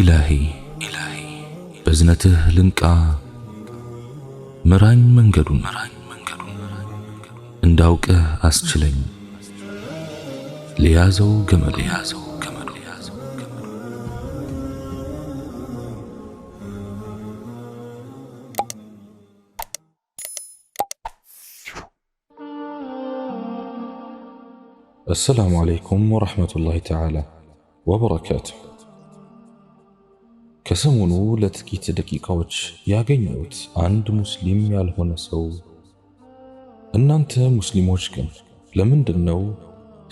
إلهي إلهي بزنته لنكا مران منجدو مران منجدو انداوك أسجلين ليازو جمل ليازو السلام عليكم ورحمة الله تعالى وبركاته ከሰሞኑ ለጥቂት ደቂቃዎች ያገኘሁት አንድ ሙስሊም ያልሆነ ሰው እናንተ ሙስሊሞች ግን ለምንድን ነው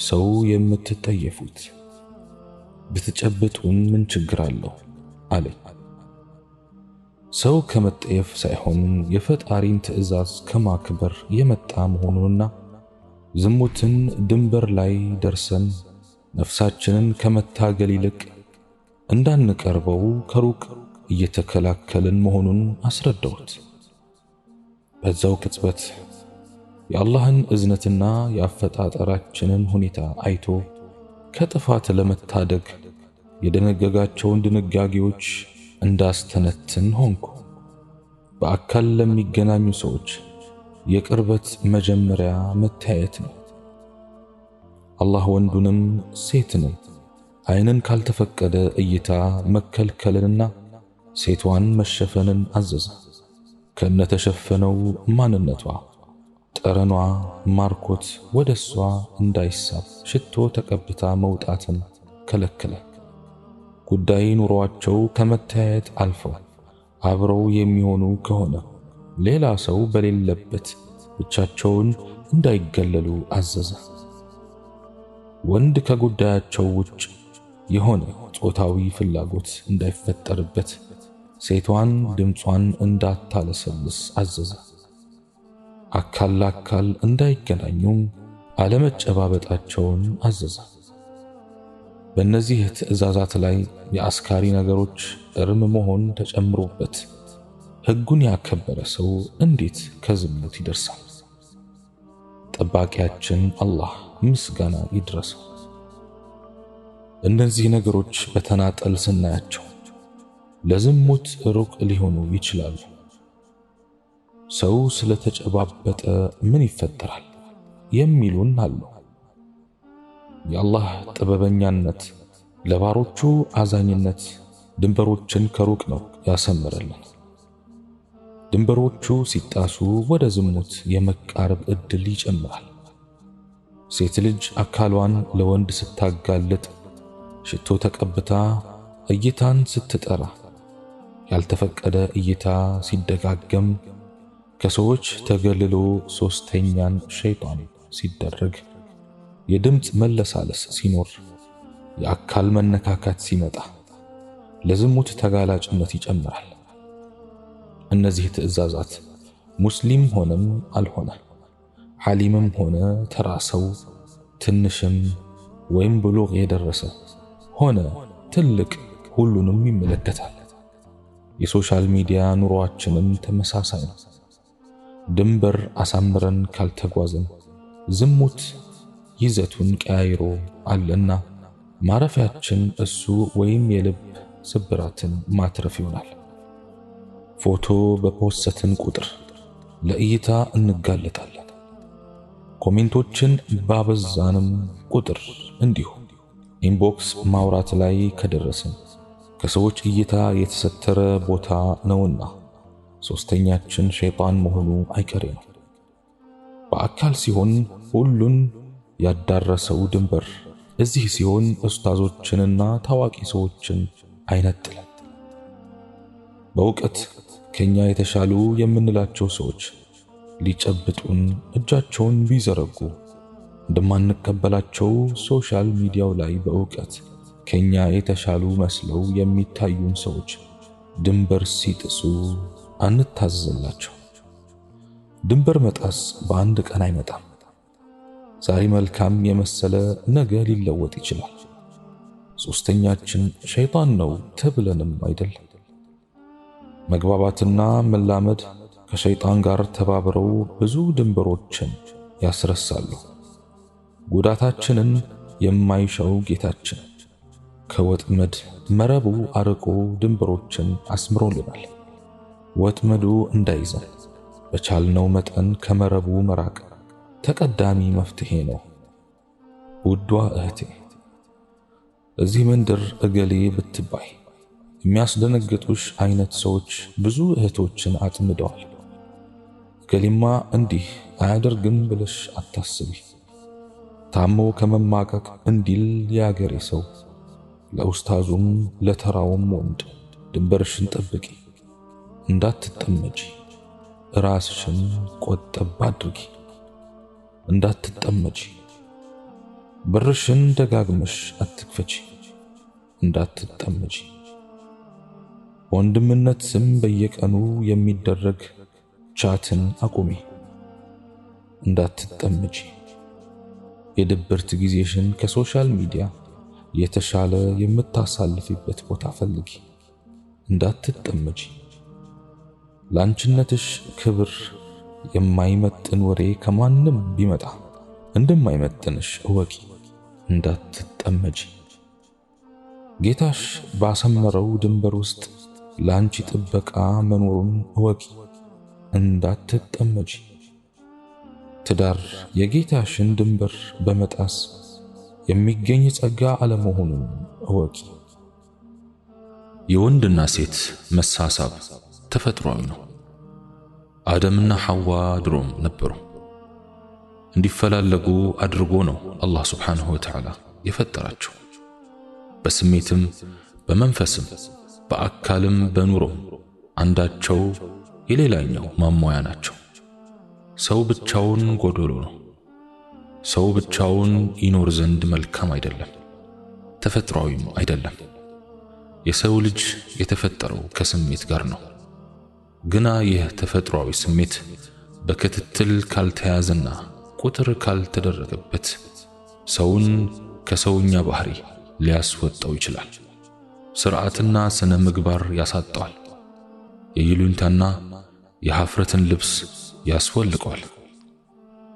ሰው የምትጠየፉት? ብትጨብጡን ምን ችግር አለው አለኝ። ሰው ከመጠየፍ ሳይሆን የፈጣሪን ትዕዛዝ ከማክበር የመጣ መሆኑንና ዝሙትን ድንበር ላይ ደርሰን ነፍሳችንን ከመታገል ይልቅ እንዳንቀርበው ከሩቅ እየተከላከልን መሆኑን አስረዳሁት። በዛው ቅጽበት የአላህን እዝነትና የአፈጣጠራችንን ሁኔታ አይቶ ከጥፋት ለመታደግ የደነገጋቸውን ድንጋጌዎች እንዳስተነትን ሆንኩ። በአካል ለሚገናኙ ሰዎች የቅርበት መጀመሪያ መታየት ነው። አላህ ወንዱንም ሴትንም ዓይንን ካልተፈቀደ እይታ መከልከልንና ሴቷን መሸፈንን አዘዘ። ከነተሸፈነው ማንነቷ ጠረኗ ማርኮት ወደ እሷ እንዳይሳብ ሽቶ ተቀብታ መውጣትን ከለከለ። ጉዳይ ኑሯቸው ከመተያየት አልፈው አብረው የሚሆኑ ከሆነ ሌላ ሰው በሌለበት ብቻቸውን እንዳይገለሉ አዘዘ። ወንድ ከጉዳያቸው ውጭ የሆነ ጾታዊ ፍላጎት እንዳይፈጠርበት ሴቷን ድምጿን እንዳታለሰልስ አዘዘ። አካል ለአካል እንዳይገናኙም አለመጨባበጣቸውን አዘዘ። በእነዚህ ትዕዛዛት ላይ የአስካሪ ነገሮች እርም መሆን ተጨምሮበት ሕጉን ያከበረ ሰው እንዴት ከዝሙት ይደርሳል? ጠባቂያችን አላህ ምስጋና ይድረሰው። እነዚህ ነገሮች በተናጠል ስናያቸው ለዝሙት ሩቅ ሊሆኑ ይችላሉ። ሰው ስለተጨባበጠ ምን ይፈጠራል የሚሉን አሉ። የአላህ ጥበበኛነት ለባሮቹ አዛኝነት ድንበሮችን ከሩቅ ነው ያሰምረልን። ድንበሮቹ ሲጣሱ ወደ ዝሙት የመቃረብ እድል ይጨምራል። ሴት ልጅ አካሏን ለወንድ ስታጋልጥ ሽቶ ተቀብታ እይታን ስትጠራ ያልተፈቀደ እይታ ሲደጋገም ከሰዎች ተገልሎ ሶስተኛን ሸይጣን ሲደረግ የድምፅ መለሳለስ ሲኖር የአካል መነካካት ሲመጣ ለዝሙት ተጋላጭነት ይጨምራል። እነዚህ ትዕዛዛት ሙስሊም ሆነም አልሆነ ሐሊምም ሆነ ተራ ሰው ትንሽም ወይም ብሉግ የደረሰ ሆነ ትልቅ ሁሉንም ይመለከታል። የሶሻል ሚዲያ ኑሯችንም ተመሳሳይ ነው። ድንበር አሳምረን ካልተጓዘን ዝሙት ይዘቱን ቀያይሮ አለና ማረፊያችን እሱ ወይም የልብ ስብራትን ማትረፍ ይሆናል። ፎቶ በፖሰትን ቁጥር ለእይታ እንጋለጣለን። ኮሜንቶችን ባበዛንም ቁጥር እንዲሁ ኢንቦክስ ማውራት ላይ ከደረስን ከሰዎች እይታ የተሰተረ ቦታ ነውና ሶስተኛችን ሸይጣን መሆኑ አይቀሬ ነው። በአካል ሲሆን ሁሉን ያዳረሰው ድንበር እዚህ ሲሆን ኡስታዞችንና ታዋቂ ሰዎችን አይነጥልም። በእውቀት ከኛ የተሻሉ የምንላቸው ሰዎች ሊጨብጡን እጃቸውን ቢዘረጉ እንደማንቀበላቸው ሶሻል ሚዲያው ላይ በእውቀት ከኛ የተሻሉ መስለው የሚታዩን ሰዎች ድንበር ሲጥሱ አንታዘላቸው። ድንበር መጣስ በአንድ ቀን አይመጣም። ዛሬ መልካም የመሰለ ነገ ሊለወጥ ይችላል። ሶስተኛችን ሸይጣን ነው ተብለንም አይደለም። መግባባትና መላመድ ከሸይጣን ጋር ተባብረው ብዙ ድንበሮችን ያስረሳሉ። ጉዳታችንን የማይሻው ጌታችን ከወጥመድ መረቡ አርቆ ድንበሮችን አስምሮልናል። ወጥመዱ እንዳይዘን በቻልነው መጠን ከመረቡ መራቅ ተቀዳሚ መፍትሄ ነው። ውዷ እህቴ እዚህ መንደር እገሌ ብትባይ የሚያስደነግጡሽ አይነት ሰዎች ብዙ እህቶችን አጥምደዋል። እገሌማ እንዲህ አያደርግም ብለሽ አታስቢ። ታሞ ከመማቀቅ እንዲል ያገሬ ሰው ለኡስታዙም ለተራውም ወንድ ድንበርሽን ጠብቂ፣ እንዳትጠመጂ፣ ራስሽን ቆጠብ አድርጊ፣ እንዳትጠመጂ፣ ብርሽን ደጋግመሽ አትክፈቺ፣ እንዳትጠመጂ። በወንድምነት ስም በየቀኑ የሚደረግ ቻትን አቁሚ፣ እንዳትጠመጂ የድብርት ጊዜሽን ከሶሻል ሚዲያ የተሻለ የምታሳልፊበት ቦታ ፈልጊ። እንዳትጠመጂ። ላንችነትሽ ክብር የማይመጥን ወሬ ከማንም ቢመጣ እንደማይመጥንሽ እወቂ። እንዳትጠመጂ። ጌታሽ ባሰመረው ድንበር ውስጥ ላንቺ ጥበቃ መኖሩን እወቂ። እንዳትጠመጂ። ትዳር የጌታሽን ድንበር በመጣስ የሚገኝ ጸጋ አለመሆኑን እወቂ። የወንድና ሴት መሳሳብ ተፈጥሯዊ ነው። አደምና ሐዋ ድሮም ነበሩ። እንዲፈላለጉ አድርጎ ነው አላህ ሱብሓነሁ ወተዓላ የፈጠራቸው። በስሜትም በመንፈስም በአካልም በኑሮም አንዳቸው የሌላኛው ማሟያ ናቸው። ሰው ብቻውን ጎዶሎ ነው። ሰው ብቻውን ይኖር ዘንድ መልካም አይደለም፣ ተፈጥሯዊም አይደለም። የሰው ልጅ የተፈጠረው ከስሜት ጋር ነው። ግና ይህ ተፈጥሯዊ ስሜት በክትትል ካልተያዘና ቁጥር ካልተደረገበት ሰውን ከሰውኛ ባህሪ ሊያስወጣው ይችላል። ስርዓትና ስነ ምግባር ያሳጣዋል። የይሉኝታና የሀፍረትን ልብስ ያስወልቀዋል፣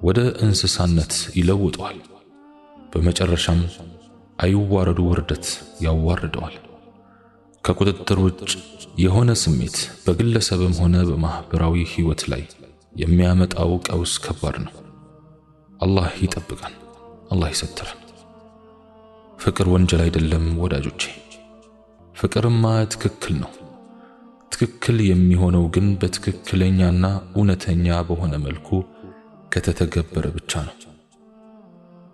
ወደ እንስሳነት ይለውጠዋል። በመጨረሻም አይዋረዱ ውርደት ያዋርደዋል። ከቁጥጥር ውጭ የሆነ ስሜት በግለሰብም ሆነ በማህበራዊ ህይወት ላይ የሚያመጣው ቀውስ ከባድ ነው። አላህ ይጠብቃል። አላህ ይሰትራል። ፍቅር ወንጀል አይደለም ወዳጆቼ። ፍቅርማ ትክክል ነው። ትክክል የሚሆነው ግን በትክክለኛና እውነተኛ በሆነ መልኩ ከተተገበረ ብቻ ነው።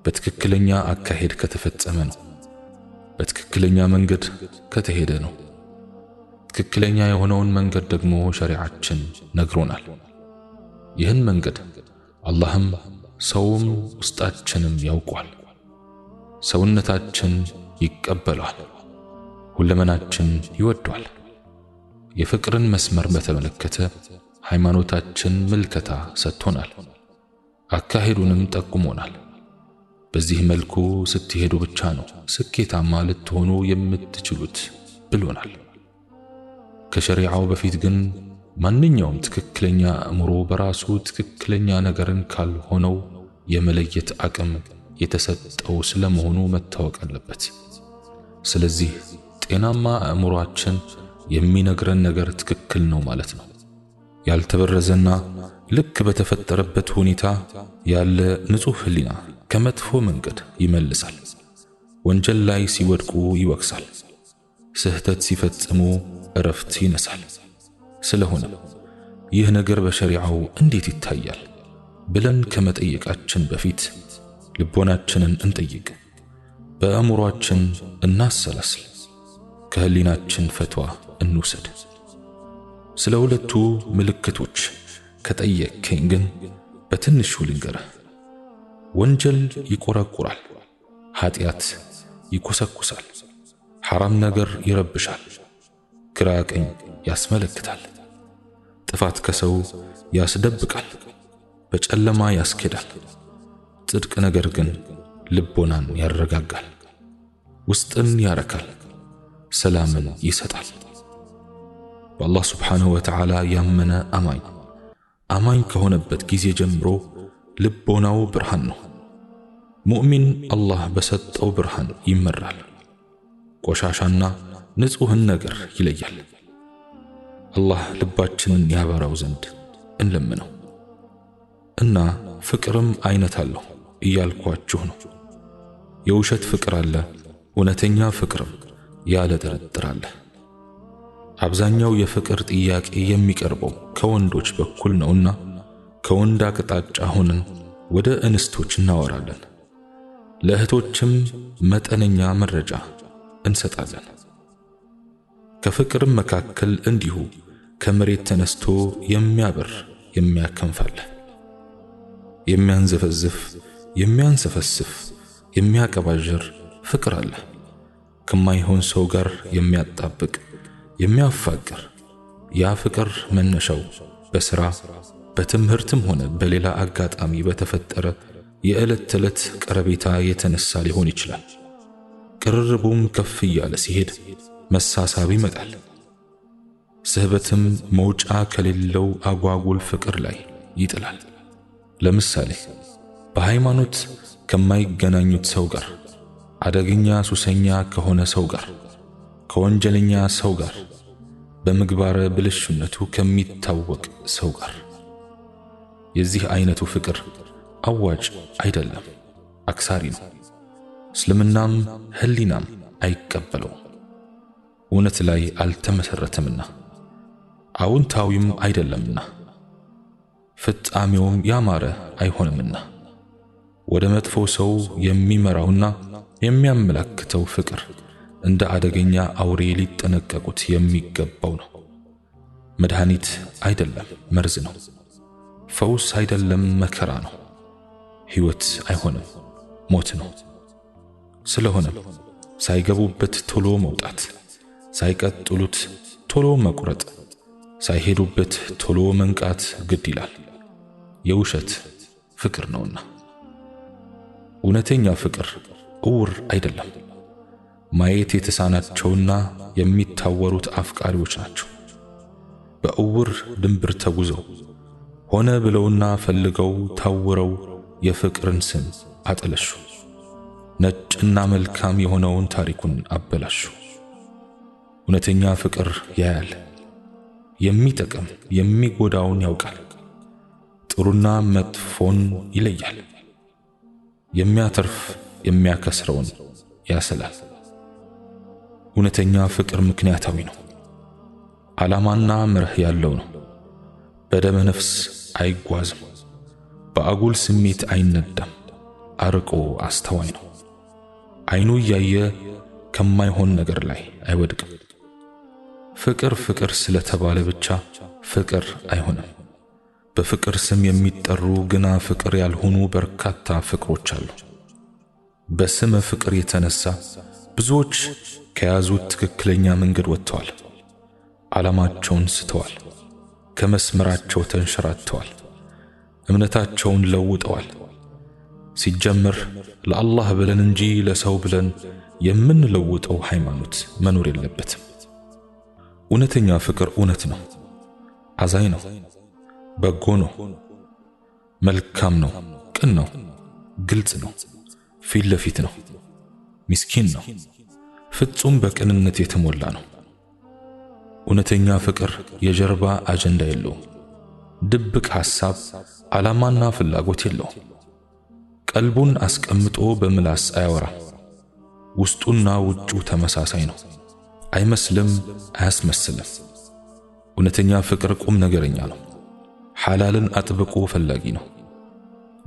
በትክክለኛ አካሄድ ከተፈጸመ ነው። በትክክለኛ መንገድ ከተሄደ ነው። ትክክለኛ የሆነውን መንገድ ደግሞ ሸሪዓችን ነግሮናል። ይህን መንገድ አላህም ሰውም ውስጣችንም ያውቋል፣ ሰውነታችን ይቀበሏል፣ ሁለመናችን ይወዷል። የፍቅርን መስመር በተመለከተ ሃይማኖታችን ምልከታ ሰጥቶናል፣ አካሄዱንም ጠቁሞናል። በዚህ መልኩ ስትሄዱ ብቻ ነው ስኬታማ ልትሆኑ የምትችሉት ብሎናል። ከሸሪዓው በፊት ግን ማንኛውም ትክክለኛ አእምሮ በራሱ ትክክለኛ ነገርን ካልሆነው የመለየት አቅም የተሰጠው ስለመሆኑ መታወቅ አለበት። ስለዚህ ጤናማ አእምሮአችን የሚነግረን ነገር ትክክል ነው ማለት ነው። ያልተበረዘና ልክ በተፈጠረበት ሁኔታ ያለ ንጹሕ ህሊና ከመጥፎ መንገድ ይመልሳል። ወንጀል ላይ ሲወድቁ ይወቅሳል። ስህተት ሲፈጽሙ እረፍት ይነሳል። ስለሆነ ይህ ነገር በሸሪዓው እንዴት ይታያል ብለን ከመጠየቃችን በፊት ልቦናችንን እንጠይቅ፣ በአእምሯችን እናሰላስል፣ ከህሊናችን ፈትዋ እንውሰድ። ስለ ሁለቱ ምልክቶች ከጠየቅከኝ ግን በትንሹ ልንገርህ። ወንጀል ይቆረቁራል፣ ኃጢአት ይኮሰኩሳል፣ ሐራም ነገር ይረብሻል፣ ግራ ቀኝ ያስመለክታል፣ ጥፋት ከሰው ያስደብቃል፣ በጨለማ ያስኬዳል። ጽድቅ ነገር ግን ልቦናን ያረጋጋል፣ ውስጥን ያረካል፣ ሰላምን ይሰጣል። والله سبحانه وتعالى يمنا أماين أماين كهون بتكيزي جمرو لبونا وبرهنو مؤمن الله بسد أو برهن يمرال قوشاشانا نزقه النقر يليل الله لباتشن يابارا وزند إن لمنو إنا فكرم أين تالو إيال قواتشونو يوشت فكر الله ونتنيا فكرم يالدرد درالله አብዛኛው የፍቅር ጥያቄ የሚቀርበው ከወንዶች በኩል ነውና ከወንድ አቅጣጫ ሆነን ወደ እንስቶች እናወራለን። ለእህቶችም መጠነኛ መረጃ እንሰጣለን። ከፍቅርም መካከል እንዲሁ ከመሬት ተነስቶ የሚያበር የሚያከንፋለ የሚያንዘፈዝፍ የሚያንሰፈስፍ የሚያቀባዥር ፍቅር አለ። ከማይሆን ሰው ጋር የሚያጣብቅ የሚያፋቅር ያ ፍቅር መነሻው በስራ በትምህርትም ሆነ በሌላ አጋጣሚ በተፈጠረ የዕለት ተዕለት ቀረቤታ የተነሳ ሊሆን ይችላል። ቅርርቡም ከፍ እያለ ሲሄድ መሳሳብ ይመጣል። ስህበትም መውጫ ከሌለው አጓጉል ፍቅር ላይ ይጥላል። ለምሳሌ በሃይማኖት ከማይገናኙት ሰው ጋር፣ አደገኛ ሱሰኛ ከሆነ ሰው ጋር ከወንጀለኛ ሰው ጋር በምግባረ ብልሹነቱ ከሚታወቅ ሰው ጋር። የዚህ አይነቱ ፍቅር አዋጭ አይደለም፣ አክሳሪ ነው። እስልምናም ህሊናም አይቀበለውም። እውነት ላይ አልተመሰረተምና አዎንታዊም አይደለምና ፍጻሜውም ያማረ አይሆንምና ወደ መጥፎ ሰው የሚመራውና የሚያመላክተው ፍቅር እንደ አደገኛ አውሬ ሊጠነቀቁት የሚገባው ነው። መድኃኒት አይደለም መርዝ ነው። ፈውስ አይደለም መከራ ነው። ሕይወት አይሆንም ሞት ነው። ስለሆነም ሳይገቡበት ቶሎ መውጣት፣ ሳይቀጥሉት ቶሎ መቁረጥ፣ ሳይሄዱበት ቶሎ መንቃት ግድ ይላል። የውሸት ፍቅር ነውና እውነተኛ ፍቅር እውር አይደለም። ማየት የተሳናቸውና የሚታወሩት አፍቃሪዎች ናቸው። በእውር ድንብር ተጉዘው ሆነ ብለውና ፈልገው ታውረው የፍቅርን ስም አጠለሹ። ነጭና መልካም የሆነውን ታሪኩን አበላሹ። እውነተኛ ፍቅር ያያል፣ የሚጠቅም የሚጎዳውን ያውቃል፣ ጥሩና መጥፎን ይለያል፣ የሚያተርፍ የሚያከስረውን ያስላል። እውነተኛ ፍቅር ምክንያታዊ ነው፣ ዓላማና መርህ ያለው ነው። በደመ ነፍስ አይጓዝም፣ በአጉል ስሜት አይነዳም። አርቆ አስተዋይ ነው። አይኑ እያየ ከማይሆን ነገር ላይ አይወድቅም። ፍቅር ፍቅር ስለተባለ ብቻ ፍቅር አይሆንም። በፍቅር ስም የሚጠሩ ግና ፍቅር ያልሆኑ በርካታ ፍቅሮች አሉ። በስመ ፍቅር የተነሳ ብዙዎች ከያዙት ትክክለኛ መንገድ ወጥተዋል። ዓላማቸውን ስተዋል። ከመስመራቸው ተንሸራተዋል። እምነታቸውን ለውጠዋል። ሲጀመር ለአላህ ብለን እንጂ ለሰው ብለን የምንለውጠው ሃይማኖት መኖር የለበትም። እውነተኛ ፍቅር እውነት ነው፣ አዛኝ ነው፣ በጎ ነው፣ መልካም ነው፣ ቅን ነው፣ ግልጽ ነው፣ ፊት ለፊት ነው፣ ሚስኪን ነው ፍጹም በቅንነት የተሞላ ነው። እውነተኛ ፍቅር የጀርባ አጀንዳ የለውም። ድብቅ ሐሳብ፣ ዓላማና ፍላጎት የለውም። ቀልቡን አስቀምጦ በምላስ አያወራም። ውስጡና ውጩ ተመሳሳይ ነው። አይመስልም፣ አያስመስልም። እውነተኛ ፍቅር ቁም ነገረኛ ነው። ሐላልን አጥብቆ ፈላጊ ነው።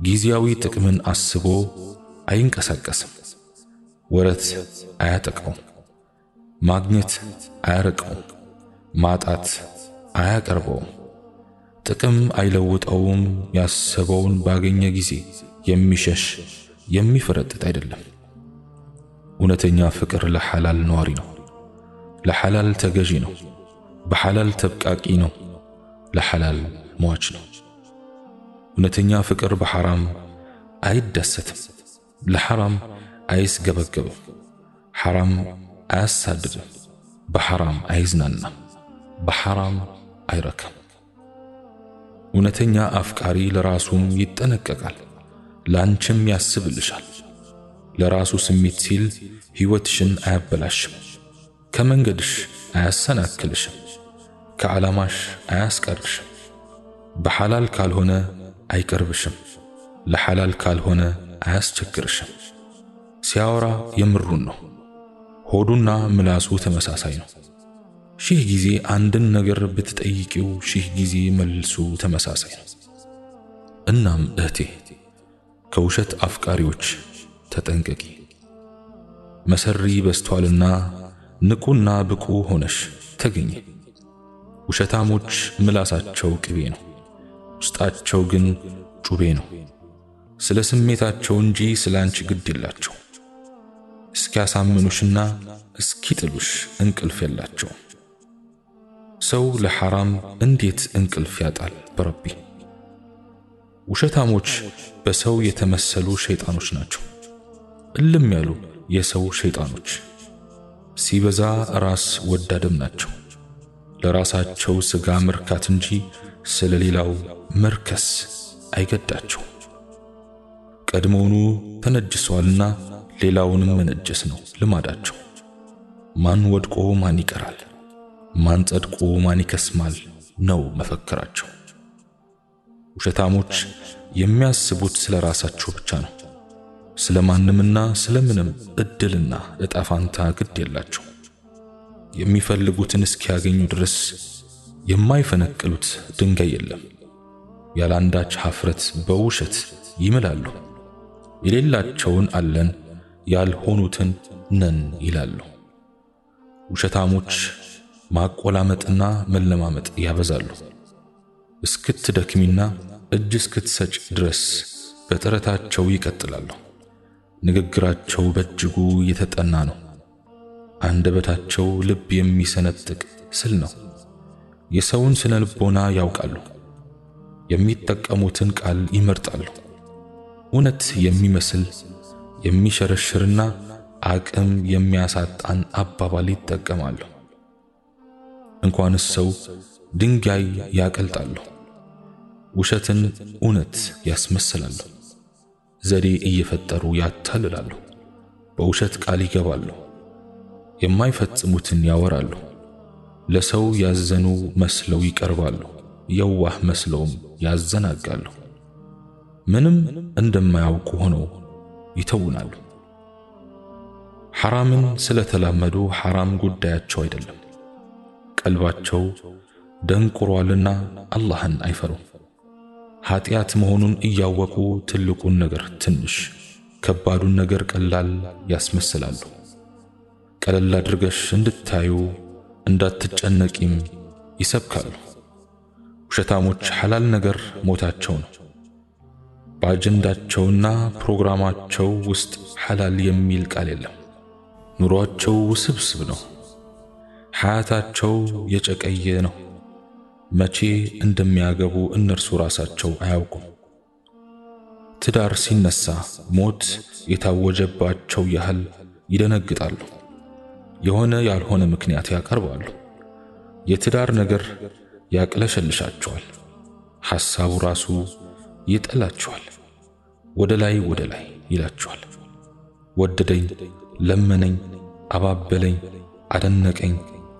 ጊዜያዊ ጥቅምን አስቦ አይንቀሳቀስም። ወረት አያጠቃው፣ ማግኘት አያርቀውም ማጣት አያቀርበውም ጥቅም አይለውጠውም። ያሰበውን ባገኘ ጊዜ የሚሸሽ የሚፈረጥጥ አይደለም። እውነተኛ ፍቅር ለሐላል ነዋሪ ነው። ለሐላል ተገዢ ነው። በሐላል ተብቃቂ ነው። ለሐላል ሟች ነው። እውነተኛ ፍቅር በሐራም አይደሰትም። ለሐራም አይስገበገብም፣ ሐራም አያሳድድም፣ በሐራም አይዝናናም፣ በሐራም አይረካም። እውነተኛ አፍቃሪ ለራሱም ይጠነቀቃል፣ ላንችም ያስብልሻል። ለራሱ ስሜት ሲል ሕይወትሽን አያበላሽም፣ ከመንገድሽ አያሰናክልሽም፣ ከዓላማሽ አያስቀርሽም፣ በሐላል ካልሆነ አይቀርብሽም፣ ለሐላል ካልሆነ አያስቸግርሽም። ሲያወራ የምሩን ነው። ሆዱና ምላሱ ተመሳሳይ ነው። ሺህ ጊዜ አንድን ነገር ብትጠይቂው ሺህ ጊዜ መልሱ ተመሳሳይ ነው። እናም እህቴ ከውሸት አፍቃሪዎች ተጠንቀቂ። መሰሪ በስቷልና ንቁና ብቁ ሆነሽ ተገኘ። ውሸታሞች ምላሳቸው ቅቤ ነው፣ ውስጣቸው ግን ጩቤ ነው። ስለ ስሜታቸው እንጂ ስለ አንቺ ግድ የላቸው። እስኪያሳምኑሽና እስኪጥሉሽ እንቅልፍ የላቸውም። ሰው ለሐራም እንዴት እንቅልፍ ያጣል? በረቢ ውሸታሞች በሰው የተመሰሉ ሸይጣኖች ናቸው። እልም ያሉ የሰው ሸይጣኖች ሲበዛ ራስ ወዳድም ናቸው። ለራሳቸው ሥጋ መርካት እንጂ ስለ ሌላው መርከስ አይገዳቸው። ቀድሞውኑ ተነጅሷልና ሌላውንም መነጀስ ነው ልማዳቸው። ማን ወድቆ ማን ይቀራል፣ ማን ጸድቆ ማን ይከስማል ነው መፈክራቸው። ውሸታሞች የሚያስቡት ስለ ራሳቸው ብቻ ነው። ስለ ማንምና ስለ ምንም እድልና እጣ ፋንታ ግድ የላቸው። የሚፈልጉትን እስኪያገኙ ድረስ የማይፈነቅሉት ድንጋይ የለም። ያላንዳች ሀፍረት በውሸት ይምላሉ። የሌላቸውን አለን ያልሆኑትን ነን ይላሉ። ውሸታሞች ማቆላመጥና መለማመጥ ያበዛሉ። እስክትደክሚና እጅ እስክትሰጭ ድረስ በጥረታቸው ይቀጥላሉ። ንግግራቸው በእጅጉ የተጠና ነው። አንደበታቸው ልብ የሚሰነጥቅ ስል ነው። የሰውን ስነ ልቦና ያውቃሉ። የሚጠቀሙትን ቃል ይመርጣሉ። እውነት የሚመስል የሚሸረሽርና አቅም የሚያሳጣን አባባል ይጠቀማሉ። እንኳንስ ሰው ድንጋይ ያቀልጣሉ። ውሸትን እውነት ያስመስላሉ። ዘዴ እየፈጠሩ ያታልላሉ። በውሸት ቃል ይገባሉ። የማይፈጽሙትን ያወራሉ። ለሰው ያዘኑ መስለው ይቀርባሉ። የዋህ መስለውም ያዘናጋሉ። ምንም እንደማያውቁ ሆነው ይተውናሉ። ሐራምን ስለተላመዱ ሐራም ጉዳያቸው አይደለም። ቀልባቸው ደንቁሯልና አላህን አይፈሩም። ኃጢአት መሆኑን እያወቁ ትልቁን ነገር ትንሽ፣ ከባዱን ነገር ቀላል ያስመስላሉ። ቀለል አድርገሽ እንድታዩ እንዳትጨነቂም ይሰብካሉ። ውሸታሞች ሐላል ነገር ሞታቸው ነው። በአጀንዳቸውና ፕሮግራማቸው ውስጥ ሐላል የሚል ቃል የለም። ኑሯቸው ውስብስብ ነው። ሐያታቸው የጨቀየ ነው። መቼ እንደሚያገቡ እነርሱ ራሳቸው አያውቁም። ትዳር ሲነሳ ሞት የታወጀባቸው ያህል ይደነግጣሉ። የሆነ ያልሆነ ምክንያት ያቀርባሉ። የትዳር ነገር ያቅለሸልሻቸዋል። ሐሳቡ ራሱ ይጠላችኋል፣ ወደ ላይ ወደ ላይ ይላችኋል። ወደደኝ፣ ለመነኝ፣ አባበለኝ፣ አደነቀኝ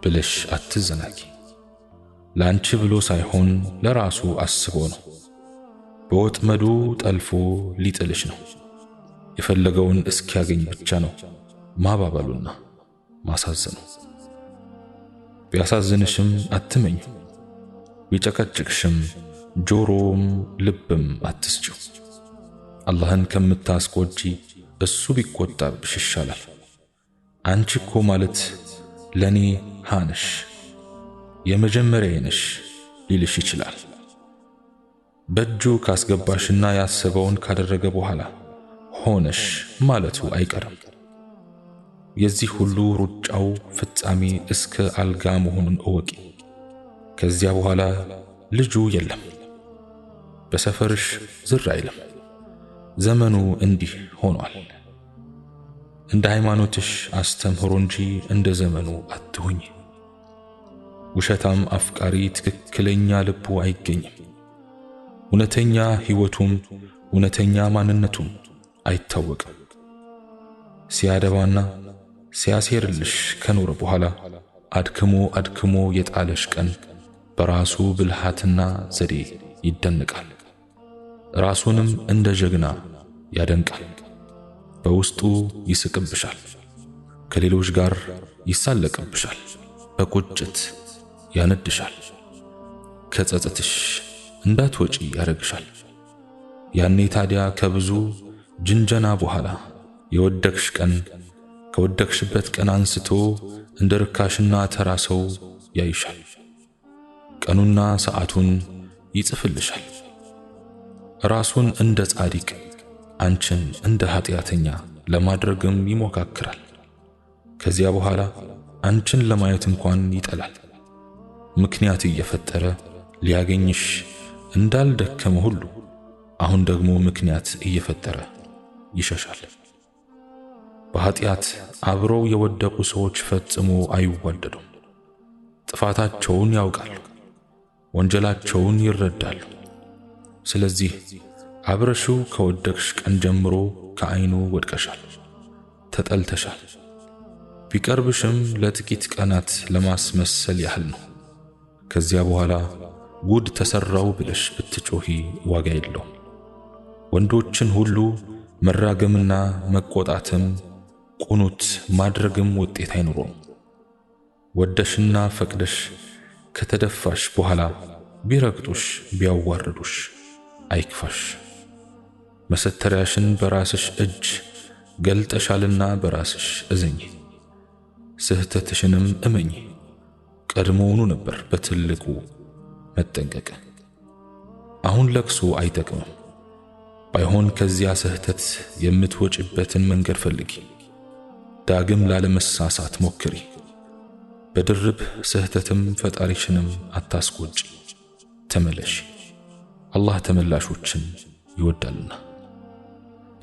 ብለሽ አትዘናጊ። ለአንቺ ብሎ ሳይሆን ለራሱ አስቦ ነው። በወጥመዱ ጠልፎ ሊጥልሽ ነው። የፈለገውን እስኪያገኝ ብቻ ነው ማባበሉና ማሳዘኑ። ቢያሳዝንሽም አትመኝ፣ ቢጨቀጭቅሽም ጆሮም ልብም አትስጭው። አላህን ከምታስቆጪ እሱ ቢቆጣብሽ ይሻላል። አንቺ እኮ ማለት ለኔ ሃነሽ የመጀመሪያ ነሽ ሊልሽ ይችላል። በእጁ ካስገባሽና ያሰበውን ካደረገ በኋላ ሆነሽ ማለቱ አይቀርም። የዚህ ሁሉ ሩጫው ፍጻሜ እስከ አልጋ መሆኑን እወቂ። ከዚያ በኋላ ልጁ የለም። በሰፈርሽ ዝር አይልም። ዘመኑ እንዲህ ሆኗል። እንደ ሃይማኖትሽ አስተምህሮ እንጂ እንደ ዘመኑ አትሁኝ። ውሸታም አፍቃሪ ትክክለኛ ልቡ አይገኝም። እውነተኛ ሕይወቱም እውነተኛ ማንነቱም አይታወቅም። ሲያደባና ሲያሴርልሽ ከኖረ በኋላ አድክሞ አድክሞ የጣለሽ ቀን በራሱ ብልሃትና ዘዴ ይደንቃል። ራሱንም እንደ ጀግና ያደንቃል። በውስጡ ይስቅብሻል፣ ከሌሎች ጋር ይሳለቅብሻል፣ በቁጭት ያነድሻል፣ ከጸጸትሽ እንዳትወጪ ያደርግሻል። ያኔ ታዲያ ከብዙ ጅንጀና በኋላ የወደክሽ ቀን ከወደቅሽበት ቀን አንስቶ እንደ ርካሽና ተራ ሰው ያይሻል። ቀኑና ሰዓቱን ይጽፍልሻል። ራሱን እንደ ጻድቅ አንቺን እንደ ኃጢአተኛ ለማድረግም ይሞካክራል። ከዚያ በኋላ አንቺን ለማየት እንኳን ይጠላል። ምክንያት እየፈጠረ ሊያገኝሽ እንዳልደከመ ሁሉ አሁን ደግሞ ምክንያት እየፈጠረ ይሸሻል። በኃጢአት አብረው የወደቁ ሰዎች ፈጽሞ አይዋደዱም። ጥፋታቸውን ያውቃሉ፣ ወንጀላቸውን ይረዳሉ። ስለዚህ አብረሹ ከወደቅሽ ቀን ጀምሮ ከአይኑ ወድቀሻል፣ ተጠልተሻል። ቢቀርብሽም ለጥቂት ቀናት ለማስመሰል ያህል ነው። ከዚያ በኋላ ጉድ ተሰራው ብለሽ ብትጮኺ ዋጋ የለው። ወንዶችን ሁሉ መራገምና መቆጣትም ቁኑት ማድረግም ውጤት አይኖረውም። ወደሽና ፈቅደሽ ከተደፋሽ በኋላ ቢረግጡሽ፣ ቢያዋርዱሽ አይክፋሽ። መሰተሪያሽን በራስሽ እጅ ገልጠሻልና በራስሽ እዘኝ፣ ስህተትሽንም እመኝ። ቀድሞውኑ ነበር በትልቁ መጠንቀቅ። አሁን ለቅሶ አይጠቅምም። ባይሆን ከዚያ ስህተት የምትወጭበትን መንገድ ፈልጊ። ዳግም ላለመሳሳት ሞክሪ። በድርብ ስህተትም ፈጣሪሽንም አታስቆጭ። ተመለሽ። አላህ ተመላሾችን ይወዳልና።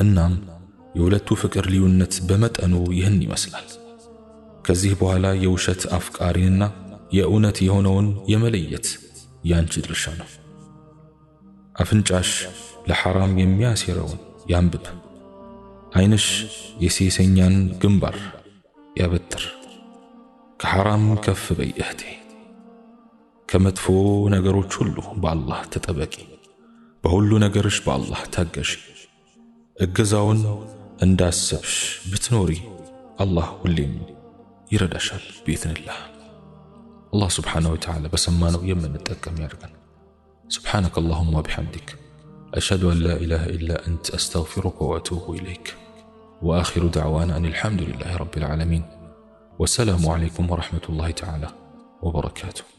እናም የሁለቱ ፍቅር ልዩነት በመጠኑ ይህን ይመስላል። ከዚህ በኋላ የውሸት አፍቃሪንና የእውነት የሆነውን የመለየት ያንቺ ድርሻ ነው። አፍንጫሽ ለሐራም የሚያሴረውን ያንብብ፣ ዓይንሽ የሴሰኛን ግንባር ያበጥር። ከሐራም ከፍ በይ እህቴ፣ ከመጥፎ ነገሮች ሁሉ በአላህ ተጠበቂ። بهولو نجرش بالله تجش الجزاون عند السبش بتنوري الله وليم يردشل بإذن الله الله سبحانه وتعالى بسمانه يمن التكم يرجن سبحانك اللهم وبحمدك أشهد أن لا إله إلا أنت أستغفرك وأتوب إليك وآخر دعوانا أن الحمد لله رب العالمين والسلام عليكم ورحمة الله تعالى وبركاته